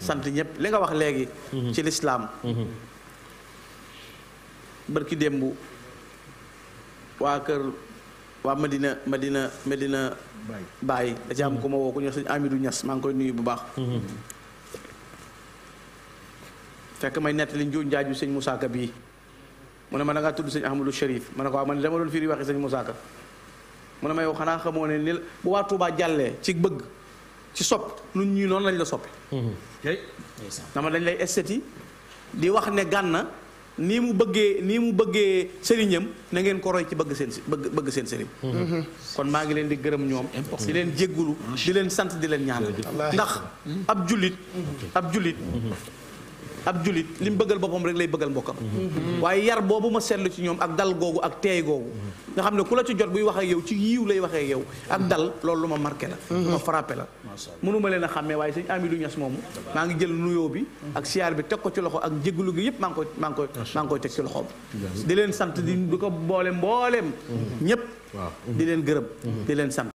sant ñëpp li nga wax léegi. Mhm. ci lislaam mhm. bërki démb waa kër waa dina Medina Medina Baye da ci am mhm. ku ma woo ku ñëw sëñ Amidou Niass maa ngi koy nuyu bu baax. fekk may nettali njuuj njaaju sëñ Moussa Ka bii mu ne ma da ngaa tudd sëñ Ahmadou Chérif ma ne ko waaw man dama doon firi waxi sëñ Moussa Ka mu ne ma xanaa xamoo ne ni bu waa Touba jàllee ci bëgg. ci sopp nun ñii noonu lañ la soppe mhm. dama dañ lay esthéti di wax ne gànna nii mu bëggee nii mu bëggee sëriñam na ngeen ko roy ci bëgg seen bëgg bëgg seen sëriñ mhm. Mhm. kon maa ngi leen di gërëm ñoom di leen jéggulu di leen sant di leen ñaan ndax ab jullit ab jullit ab julit li mu bëggal boppam rek lay bëggal mbokkam waaye yar boobu ma seetlu ci ñoom ak dal googu ak teey googu nga xam ne ku la ci jot buy wax ak yow ci yiw lay waxee yow ak dal loolu lu ma marqué la lu ma frappé la mënuma leen a xàmmee waaye sëñ Amidou Niass moomu maa ngi jël nuyoo bi ak siyaar bi teg ko ci loxo ak jégalu gi yëpp maa ngi koy maa ngi koy maa ngi koy teg ci loxoom di leen sant di ko boole mbooleem mm-hmm. ñëpp di leen gërëm mm-hmm. di leen sant